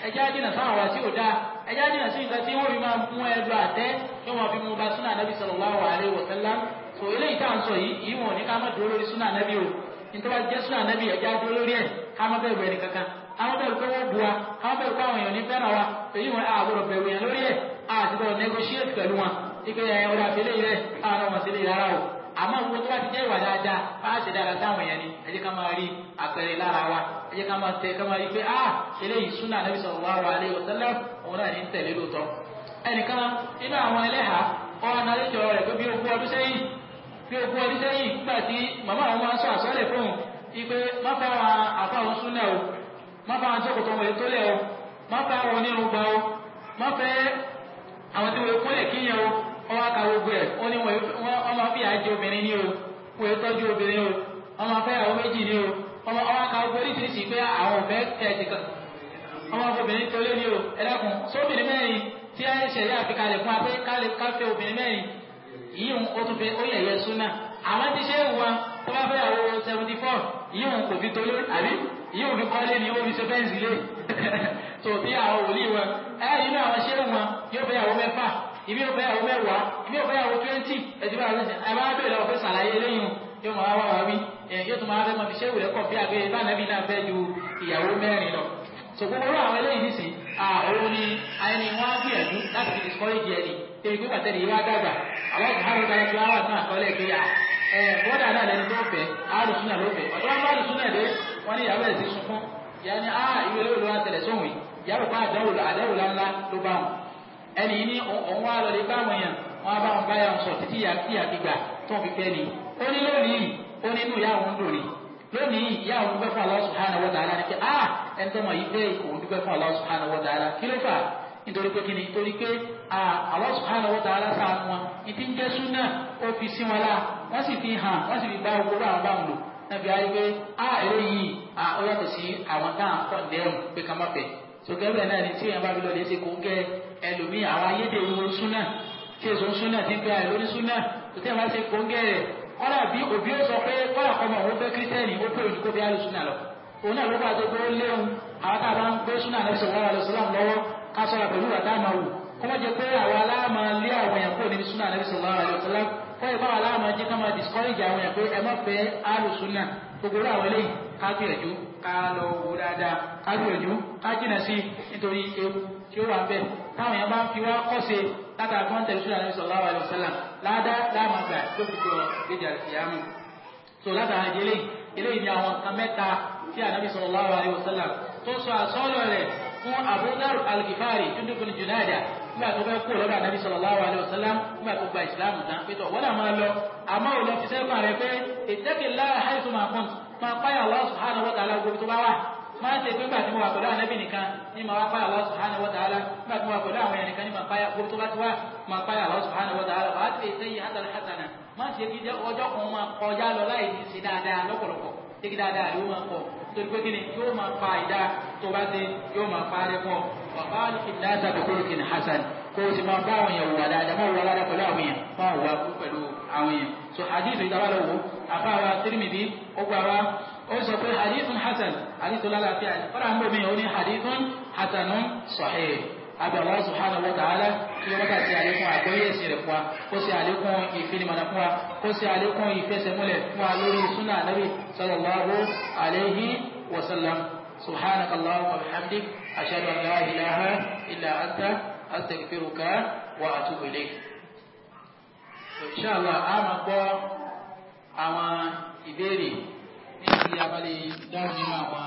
ẹja dínà sáwọn wa tí ò dáa ẹja dínà sí nǹkan tí wọ́n fi máa mú ẹlú àtẹ́ tí wọ́n fi mú ba súnà nàbì sallallahu alaihi wasallam so eléyìí tá à ń sọ yìí yìí wọn ò ní ká má dúró lórí súnà nàbì o nítorí jẹ́ súnà nàbì ẹja dúró lórí ẹ̀ ká má bẹ̀rù ẹni kankan ká má bẹ̀rù pé ipe ẹ ọ̀dà sílé rẹ̀ káwọn náà wọ́n sílé rárá o àmọ́ òun tó bá ti jẹ́ ìwà dáadáa bá a ṣe dáadáa táwọn èèyàn ni ẹ jẹ́ ká máa rí àpẹẹrẹ lára wa ẹ jẹ́ ká máa tẹ ká máa rí pé ah eléyìí súnà Ànábì sallallahu alaihi wasallam òun náà ní ń tẹ̀lé lóòótọ́ ẹnìkan nínú àwọn ẹlẹ́hà ọ̀nà àlejò rẹ̀ pé bí ogún ọdún sẹ́yìn bí ogún ọdún sẹ́yìn nígbà tí màmá àwọn máa ń sọ àsọ́lẹ̀ fóun ipe má bá wa àbá òun súnà o má bá wa fẹ́ àwọn tí wọ́n wọ́n wá ka gbogbo ẹ̀ ó ní wọ́n máa fi àjẹ obìnrin ní o wọ́n yóò tọ́jú obìnrin o wọ́n máa fẹ́ àwọn méjì ní o wọ́n wá ka gbogbo oríṣiríṣi pé àwọn òfẹ́ tẹ̀sí kan wọ́n máa fọ obìnrin tolé ní o ẹ̀dàkùn sóbìnrin mẹ́rin tí a ṣẹ̀lẹ̀ àfikalẹ̀ fún apẹ́ káfẹ́ obìnrin mẹ́rin yìí ń o tún fẹ́ ó yẹ̀yẹ súnà àmọ́ ti ṣe wà tó bá fẹ́ àwọn seventy four yìí ń kò fi tolé àbí yìí ń fi kọ́lé ni ó fi ṣe fẹ́ǹsì lé tòbí àwọn wòlíì wọn ẹ̀ẹ́dínú àwọn ṣé wọn yóò fẹ́ àwọn mẹ́fà ibi ò fẹ́yàwó mẹ́wàá ibi ò fẹ́yàwó twenty ẹ̀sìn báyìí ọ̀sẹ̀ ẹ̀ máa bèèrè ọ̀fẹ́ sàlàyé eléyìí yóò máa wá wá wí yóò tún máa fẹ́ máa fi ṣé ìwúrẹ́ kọ̀ bí àgbẹ̀ ìbánabí náà fẹ́ ju ìyàwó mẹ́rin lọ. so gbogbo ọ̀rọ̀ àwọn eléyìí nìsín òun ni àyẹni wọn á gbìyànjú láti fi discourage ẹni ebi pé pàtẹ́ni yìí wá dàgbà àwọn ìhàrò ìgbà ẹ̀kọ́ àwọn àtúnà àkọọ́lẹ̀ pé à ẹ̀ bọ́dà náà lẹni tó fẹ́ àrùsúnà ló fẹ́ ọ̀dọ́ wọn bá àrùsúnà dé wọn ní ìyàwó ẹ̀ sí sunkún ìyá ni ah ìwé lóòlù wa tẹ̀lẹ̀ sóhùn ìyàwó pa àdáwò àdáwò lánlá ló bá wọn ẹni ní òun wá lọ lè bá àwọn èèyàn wọn bá wọn báyà wọn sọ títí yà kí àdìgbà tó ń fi pẹ́ ni ó ní lónìí ó ní inú ìyá òun dùn ni lónìí ìyá òun dúpẹ́ fún Allah subhanahu wa ta'ala ni pé a ah, ẹni tó mọ̀ yìí pé òun dúpẹ́ fún Allah subhanahu wa ta'ala kí ló fà nítorí pé kíni nítorí pé Allah subhanahu wa ta'ala sàánú wọn ìdí ń jẹ́ súnà ó fi sí wọn lá wọ́n sì fi hàn wọ́n sì fi bá owó àwọn bá wọn lò nàbí ayé pé a èrè yìí a ó yàtọ̀ sí àwọn náà kọ́ pé ká má bẹ̀ sọgẹ́rẹ́ náà ni tí èèyàn bá fi lọ lè ṣe kó gẹ́ ẹlòmíì àwọn ayédèrú súnà tí èso súnà ti gba ẹ̀ lórí súnà tó tẹ́ wọ́n ṣe kóńgẹ́ rẹ̀ kọ́dà bí òbí ó sọ pé kọ́dà kọ́ ọmọ òun fẹ́ kírísítẹ́nì ó pè òdìgbò bí alù súnà lọ òun náà ló bá tó gbó léwu àwọn tá a bá ń gbé súnà náà sọ̀rọ̀ àlọ́ sọ́lám lọ́wọ́ ká sọ̀rọ̀ pẹ̀lú wàtá máa wù kọ́ wọ́n jẹ pé àwọn aláàmà lé àwọn èèyàn kúrò níbi súnà náà sọ̀rọ̀ àlọ́ sọ́lám kọ́ ìbá àwọn aláàmà jẹ́ ká máa discourage àwọn èèyàn pé ẹ má fẹ́ alù súnà gbogbo àwọn eléyìí ká gbìyànjú ká lọ wò dáadáa ká gbìyànjú ká jìnà sí nítorí ewu tí ó wà bẹ́ẹ̀ táwọn èèyàn bá ń fi wá kọ́sẹ̀ látara kí wọ́n tẹ̀lé sọ́dọ̀ àlẹ́ sọ̀rọ̀ àwọn àlùsálà láàdá láàmà gbà tó fi jọ ìgbéjà ìyàmù. tó látara ìdílé eléyìí ni àwọn nǹkan mẹ́ta tí ànábì sọ̀rọ̀ àwọn àlùsálà tó sọ àsọ́ọ̀lọ̀ rẹ̀ fún abudar alkifari tundukun junada nígbà tó fẹ́ kú lọ́dọ̀ ànábì sọ̀rọ̀ àwọn àlùsálà nígbà tó gba ìsìlámù tán pé tọ̀ wọ́n dà máa lọ àmọ́ òun lọ fi sẹ́kàn rẹ̀ má ṣe pé gbàtí mo wà pẹ̀lú ànábì nìkan ní màá pa Allah subhanahu wa ta'ala gbàtí mo wà pẹ̀lú àwọn ẹnìkan ní màá pa yà gbogbo tó bá ti wá màá pa yà Allah subhanahu wa ta'ala wà á ti ṣe yìí hàtàlẹ̀ hàtàlẹ̀ má ṣe kí ọjọ́ kan máa kọjá lọ láì ní ṣe dáadáa lọ́pọ̀lọpọ̀ ṣe kí dáadáa rẹ̀ ó máa pọ̀ nítorí pé kíni yóò máa pa ìdá tó bá ṣe yóò máa pa rẹ̀ kó o sì máa bá àwọn èèyàn wà dáadáa máa wà dáadáa pẹ̀lú àwọn èèyàn máa wà pẹ̀lú àwọn èèyàn so hadith ìdábàlọ́wọ́ àbáwá tírímìbí ó gbà wá ó sọ pé hadithun hasan hadithun lálàáfíà ni fọ́nà ń bò mí ó ní hadithun hasanun sahih abẹ Allah subhanahu wa ta'ala tí wọn bá ti àlékún àgbọ́yé ẹ̀sìn rẹ̀ fún wa kó ṣe àlékún ìfinimọ̀nà fún wa kó ṣe àlékún ìfẹsẹ̀múlẹ̀ fún wa lórí súnà ànábì sallallahu alayhi wa sallam subhanaka allahumma wa bihamdik ashhadu an la ilaha illa anta astaghfiruka wa atubu inshallah a máa gbọ́ àwọn ìbéèrè tí a dáhùn nínú àwọn